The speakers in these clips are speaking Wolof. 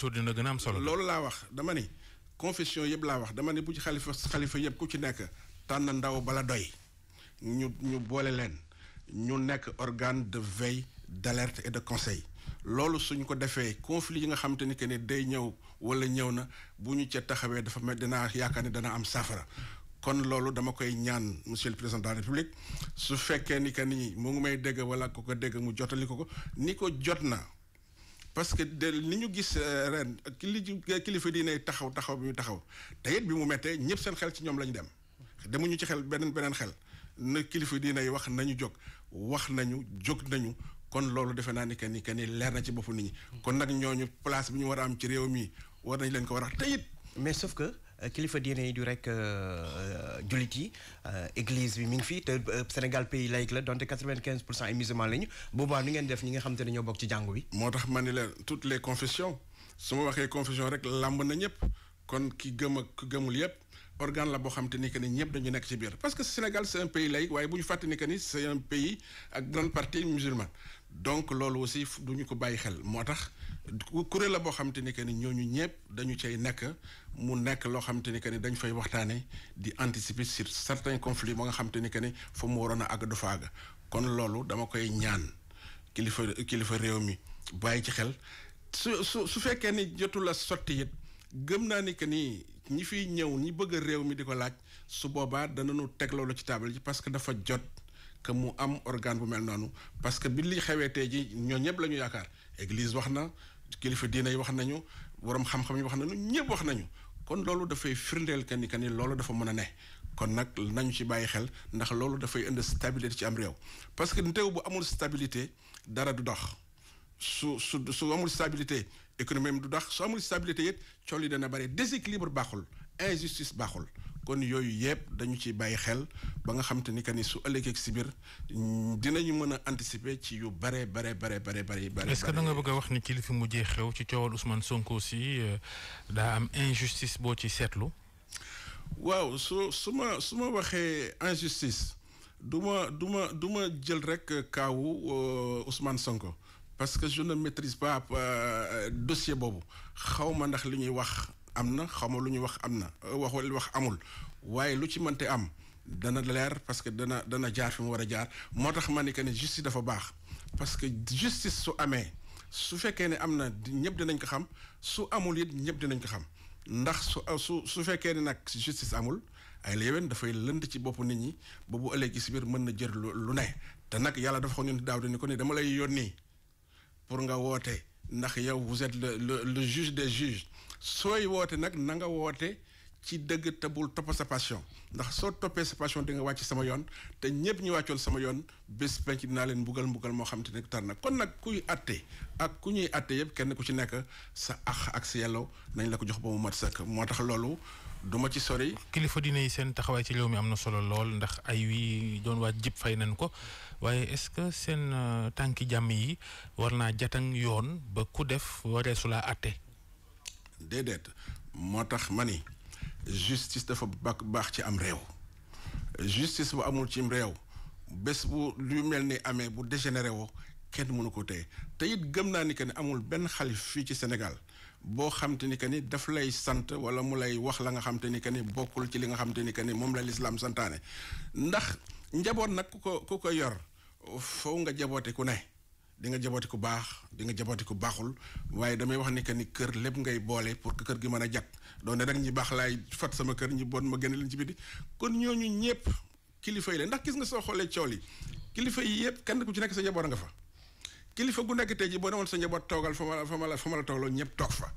jiitoo dina gën a solo. loolu laa wax dama ni confession yëpp laa wax dama ni bu ci xalifa xalifa yëpp ku ci nekk tànn ndaw bala doy ñu ñu boole leen ñu nekk organe de veille d'alerte et de conseil loolu suñ ko defee conflit yi nga xamante ni que ne day ñëw wala ñëw na bu ñu ca taxawee dafa mel dinaa yaakaar ne dana am safara kon loolu dama koy ñaan monsieur le président de république su fekkee ni que ni mu ngi may dégg wala ku ko dégg mu jotali ko ko ni ko jot na. parce que de ni ñu gis euh, ren li kilifa diine taxaw taxaw bi taxaw te it bi mu mettee ñëpp seen xel ci ñoom lañu dem demuñu ci xel beneen beneen xel na kilifa diine yi wax nañu jóg wax nañu jóg nañu kon loolu defe naa ni kenn ni que ni leer na ci boppu nit ñi. kon nag ñooñu place bi ñu war a am ci réew mi war nañ leen ko war a te it mais sauf que euh, kilifa diine yi du rek. Euh, jullit yi euh, église bi mi ngi fii te euh, Sénégal pays laïque la donte quatre-vingt-quinze pour cent ay musulmans lañu boobaa nu ngeen def ñi nga xam te ne ñoo bokk ci jàngu bi. moo tax ma ne la toutes les confessions su ma waxee confession rek làmb na ñëpp kon ki gëm ak ki gëmul yëpp. organe la bo xam que ni ñepp dañu nekk ci biir parce que Sénégal c'est un pays laïque waye buñu ñu que ni c'est un pays ak grande partie musulmane donc lolu aussi duñu ko bayyi xel motax tax la bo xam que ni ñoñu ñepp dañu cey nekk mu nekk lo xam que ni dañ fay waxtane di anticiper sur certains conflits mo nga xam que ni fu mu warona ag àgg du fa kon lolu dama koy ñaan kilifa kilifa réew mi bàyyi ci xel su su fekkee ni jotul la sotti it gëm naa ni que ni. ñi fiy ñëw ñi bëgg réew mi di ko laaj su boobaa dana danañu teg loolu ci taabal ji parce que dafa jot que mu am organe bu mel noonu parce que bi li xewee tey ji ñoo ñëpp la ñu yaakaar église wax na kilifa diina yi wax nañu borom xam-xam yi wax nañu ñëpp wax nañu kon loolu dafay firndeel que ni que ni loolu dafa mën a ne kon nag nañu ci bàyyi xel ndax loolu dafay indi stabilité ci am réew parce que nteew bu amul stabilité dara du dox su su su amul stabilité économie am du dox su amul stabilité it coono yi dana bëri déséquilibre baaxul injustice baaxul kon yooyu yëpp dañu ci bàyyi xel ba nga xam te ni que ni su ëllëgee si biir mm, dinañu mën a anticiper ci yu bare bare bare bare bare bare. est-ce que da nga bëgg a wax ni ci li fi mujjee xew ci coowal Ousmane Sonko si euh, daa am injustice boo ci seetlu. waaw su su ma su ma waxee injustice du ma du ma du ma jël rek kaawu euh, Ousmane Sonko. parce que je ne maîtrise pas euh, dossier boobu xaw ma ndax li ñuy wax am na xaw ma lu ñuy wax am na euh, wax wax amul waaye lu ci mënte am dana leer parce que dana dana jaar fi mu war a jaar moo tax ma ne que ne justice dafa baax parce que justice su amee su fekkee ne am na ñëpp dinañ ko xam su amul it ñëpp dinañ ko xam ndax su euh, su su fekkee ne nag justice amul ay léewén dafay lënd ci bopp nit ñi boobu bu ëllëg ci biir mën na jër lu ne te nag yàlla dafa xaw ñu daaw di ko ne dama lay yónnee. pour nga woote ndax yow vous êtes le le le juge des juges soy woote nak na nga woote ci deug te bul topp sa passion ndax so toppee sa passion di nga wacc sama yoon te ñepp ñu waccol sama yoon bes penc dina len mbugal mbugal mo xam te tar nak kon nak kuy atté ak ku ñuy atte yëpp kenn ku ci nekk sa ax ak sa yello nañ la ko jox ba mu mat sëkk moo tax loolu duma ci sori. kilifa dina yi seen taxawaay ci réew mi am na solo lool ndax ay wi doon waa jib fay nañ ko waaye est-ce que seen euh, tànki jàmm yi war naa jatang yoon ba ku def wareesu laa àtte. déedéet moo tax ma ni justice dafa baax ci am réew justice bu amul ci réew bés bu lu mel ni amee bu dégénéré woo kenn mënu ko téye te it gëm naa ni que ni amul benn xalif fii ci Sénégal boo xam te ni que ni daf lay sant wala mu lay wax la nga xam te ni que ni bokkul ci li nga xam te ni que ni moom la lislaam santaane ndax njaboot nag ku ko ku ko yor faw nga jaboote ku ne di nga jabooti ku baax di nga jabooti ku baaxul waaye damay wax ni que ni kër lépp ngay boole pour que kër gi mën a jag doon ne rek ñi baax laay fat sama kër ñi boot ma génne leen ci biti kon ñooñu ñëpp kilifa yi la gis nga soo xoolee coow li kilifa yi yëpp kenn ku ci nekk sa njaboot nga fa. kilifa gu nekk tey jii boo demoon sa njaboot toogal fa ma la fa ma la toogloo ñëpp toog fa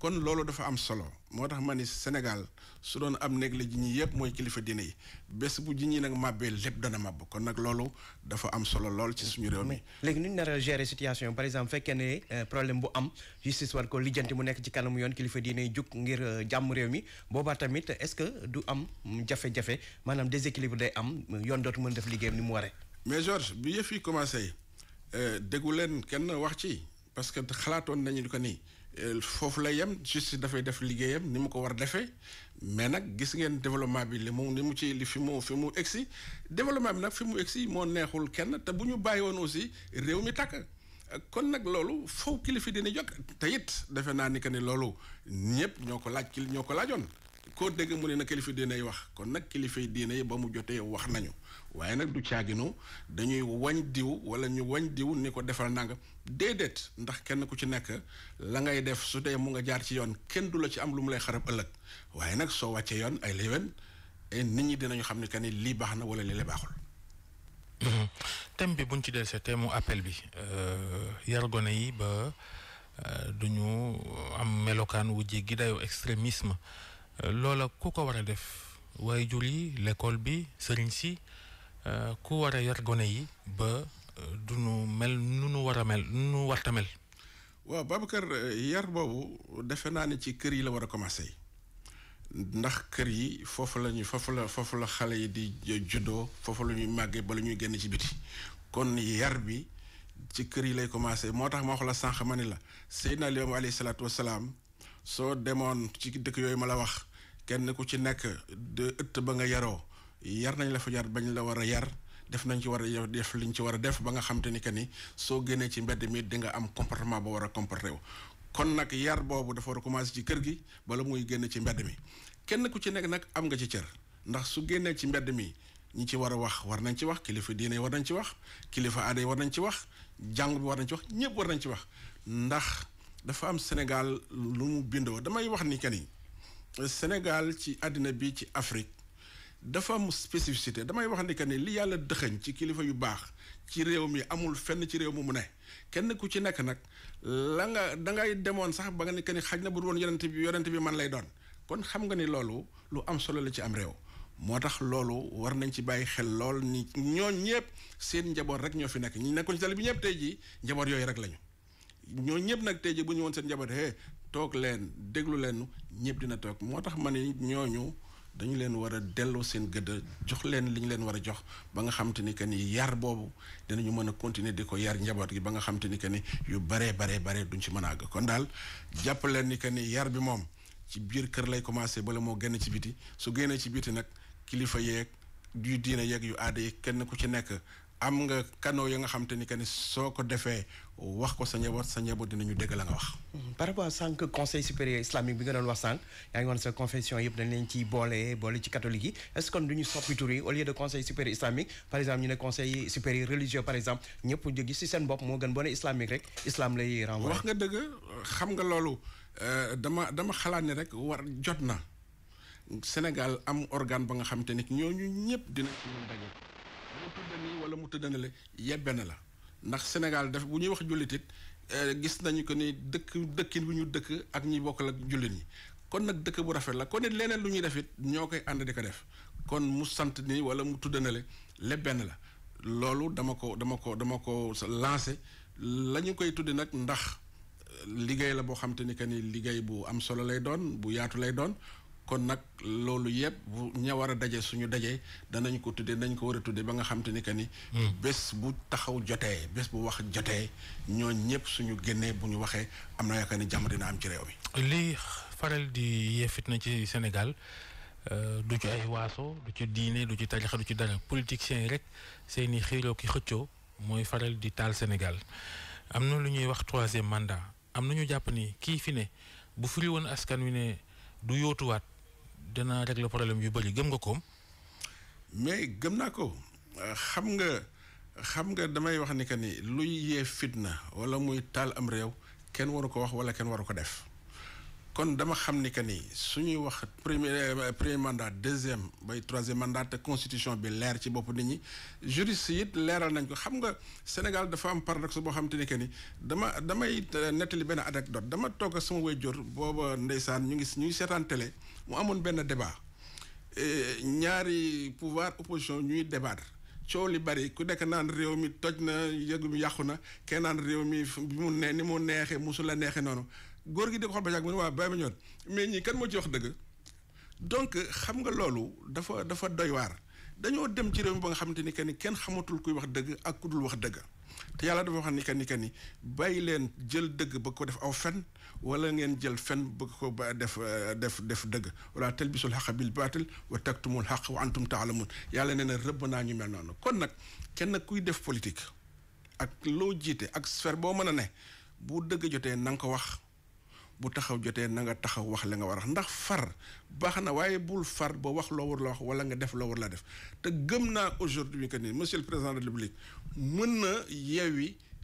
kon loolu dafa am solo moo tax ma ni Sénégal su doon am néeg la ji yëpp mooy kilifa diine yi bés bu ji ñi nag màbbee lépp dana màbb kon nag loolu dafa am solo lool ci suñu réew mi. léegi nu ñu nar a situation par exemple fekkee ne euh, problème bu am justice war ko lijjanti mu nekk ci kanamu yoon kilifa diine yi jug ngir euh, jàmm réew mi boobaa tamit est-ce que du am jafe-jafe maanaam déséquilibre day am yoon dootu mën def liggéeyam ni mu waree. mais Georges bi yëf yi commencé. Euh, déggu leen kenn wax ci parce que xalaatoon nañu di ko nii foofu la yem justice dafay def liggéeyam ni mu ko war defee mais nag gis ngeen développement bi li mu ni mu ci li fi mu fi mu egsi développement bi nag fi mu egsi moo neexul kenn te bu ñu bàyyi woon aussi réew mi tàkk kon nag loolu faw kilifa dina jog te it defe naa ni que ni loolu ñëpp ñoo ko laaj kil ñoo ko laajoon koo dégg mu ne na kilifa diine yi wax kon nag kilifa diine yi ba mu jotee wax nañu waaye nag du caaginu dañuy wañ diw wala ñu wañ diw ni ko defal nangam déedéet ndax kenn ku ci nekk la ngay def su dee mu nga jaar ci yoon kenn du la ci am lu mu lay xarab ëllëg waaye nag soo wàccee yoon ay léwén nit ñi dinañu xam ne que ni lii baax na wala lii baaxul. Mhm. thème bi buñ ci delsee thème mu appel bi euh, yar gone yi ba euh, duñu am melokaan wu jéggi dayoo extrémisme. loola ku ko war a def waaye jur yi lekkool bi sëriñ si euh, ku war a yar gone yi ba euh, du nu mel nu nu war a mel nu nu warta mel waaw kër euh, yar boobu defe naa ne ci kër yi la war a commencé ndax kër yi foofu la ñu foofu la foofu la xale yi di juddoo foofu la ñuy màggee ba la ñuy génn ci biti kon yar bi ci kër yi lay commencé moo tax ma wax la sànq ma ni la Seydina Limaamu alayhi salaatu wa salaam soo demoon ci dëkk yooyu ma la wax kenn ku ci nekk de ëtt ba nga yaroo yar nañ la fa jar bañ la war a yar def nañ ci war a def liñ ci war a def ba nga xam te ni que ni soo génnee ci mbedd mi di nga am comportement a comporté wu. kon nag yar boobu dafa commencé ci kër gi bala muy génn ci mbedd mi kenn ku ci nekk nag am nga ci cër ndax su génnee ci mbedd mi. ñi ci war a wax war nañ ci wax kilifa diine war nañ ci wax kilifa aada war nañ ci wax jàng bi war nañ ci wax ñëpp war nañ ci wax ndax dafa am Sénégal lu mu bindoo damay wax ni que ni Sénégal ci àddina bi ci Afrique dafa am spécificité damay wax ni que ni li yàlla dëxëñ ci kilifa yu baax ci réew mi amul fenn ci réew mu mu ne kenn ku ci nekk nag la nga dangay demoon sax ba nga ni que ni xaj na bu woon yonent bi yonent bi man lay doon kon xam nga ni loolu lu am solo la ci am réew. moo tax loolu war nañ ci bàyyi xel lool ni ñooñ ñëpp seen njaboot rek ñoo fi nekk ñi nekkoon ci tali bi ñëpp tey jii njaboot yooyu rek lañu. ñoo ñëpp nag tey bu ñu woon seen njaboot hee toog leen déglu leen ñëpp dina toog moo tax ma ne ñooñu dañu leen war a delloo seen gëdd jox leen li ñu leen war a jox ba nga xam te ni que ni yar boobu dinañu mën a continuer di ko yar njaboot gi ba nga xam ni que ni yu baree baree baree duñ ci mën a àgg kon daal jàpp leen ni que ni yar bi moom ci biir kër lay commencé bala moo génn ci biti su génnee ci biti nag kilifa yeeg yu diine yeeg yu aada yi kenn ku ci nekk am nga canaux ya nga xam te ni que ni soo ko defee wax ko sa njaboot sa njaboot dinañu dégg la nga wax. Hmm. par rapport sànq conseil supérieur islamique bi nga doon wax sànq yaa ngi woon sa confession yëpp dañ leen ciy boole boole ci catholique yi est ce que kon du ñu soppi tur yi au lieu de conseil supérieur islamique par exemple ñu ne conseil supérieur religieux par exemple ñëpp jógi si seen bopp moo gën boo ne islamique rek islam lay renvoyer. wax nga dëgg xam nga loolu euh, dama dama xalaat ni rek war jot na Sénégal am organe ba nga xam te ni ñooñu ñëpp dinañ. mu wala mu tudda le yebbe la ndax Sénégal def bu ñuy wax jullitit eh, gis nañu ko ni dëkk dëkkin bi ñu dëkk ak ñi bokkal ak jullit ñi kon nag dëkk bu rafet la kon nit leneen lu ñuy def it ñoo koy ànd di ko def kon mu sant nii wala mu tudda le lépp la loolu dama ko dama ko dama ko lancé la ñu koy tuddi nag ndax eh, liggéey la boo xam te ni que ni liggéey bu am solo lay doon bu yaatu lay doon kon nag loolu yëpp bu ña war a daje suñu dajee danañ ko tuddee nañ ko war a tuddee ba nga xam te ni que ni. Hmm. bés bu taxaw jotee bés bu wax jotee ñoo ñëpp suñu génnee bu ñu waxee am na ni jàmm dina am ci réew mi. lii faral di yee fitna ci Sénégal euh, du ay waaso du ci diine du ci tarixa du ci dara politiciens yi rek seeni xiiroo ki xëccoo mooy faral di taal Sénégal am na lu ñuy wax troisième mandat am na ñu jàpp ni kii fi ne bu firi woon askan wi ne du yootuwaat dana régler problème yu bëri gëm nga ko. mais gëm naa ko xam nga xam nga damay wax ni que ni luy yee fitna wala muy taal am réew kenn waru ko wax wala kenn waru ko def kon dama xam ni que ni suñuy wax premier premier mandat deuxième bay troisième mandat te constitution bi leer ci bopp nit ñi juriste yit leeral nañ ko xam nga Sénégal dafa am paradoxe boo xam te ni que ni dama damay nettali benn anecdote dama toog sama wéy jor booba ndeysaan ñu ngi ñu ngi seetaan télé mu amoon benn débat eh, ñaari pouvoir opposition ñuy débattre coow li bari ku nekk naan réew mi toj na yëgu mi yàqu na kenn naan réew mi bi mu ni mu neexee musu la neexee noonu góor gi di ko ba yàgg mu waa bàyyi ma ñëw mais kan moo ci wax donc xam nga loolu dafa dafa doy dañoo dem ci réew mi ba nga xamante ni que ni kenn xamatul kuy wax dëgg ak ku dul wax dëgg te yàlla dafa wax ni que ni que ni bàyyi leen jël dëgg ba ko def aw fen wala ngeen jël fen bëgg ko ba def def def dëgg wala talbisul xaq bil baatil wa taktumul xaq wa antum taalamun yàlla nee na rëbb naa ñu mel noonu kon nag kenn kuy def politique ak loo jiite ak sphère boo mën a ne bu dëgg jotee na nga ko wax bu taxaw jotee na nga taxaw wax la nga war a wax ndax far baax na waaye bul far ba wax loo war la wax wala nga def loo war la def te gëm naa aujourd'hui que ni monsieur le président de la république mën na yeewi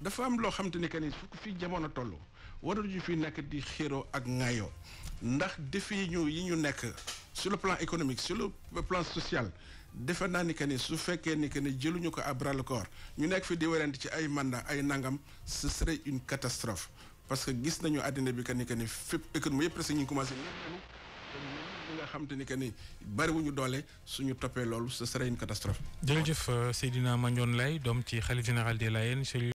dafa am loo xamante ni que ni fukk fii jamono toll waruñu fi nekk di ak ngaayo ndax ñu sur le plan économique sur le plan social defe naa ni que su fekkee ni que ni ko ñu nekk fi di ci ay ay nangam ce serait une catastrophe parce que gis nañu bi que ni que ni fépp économie ñu commencé nga ni que suñu ce serait une catastrophe. Seydina ci général des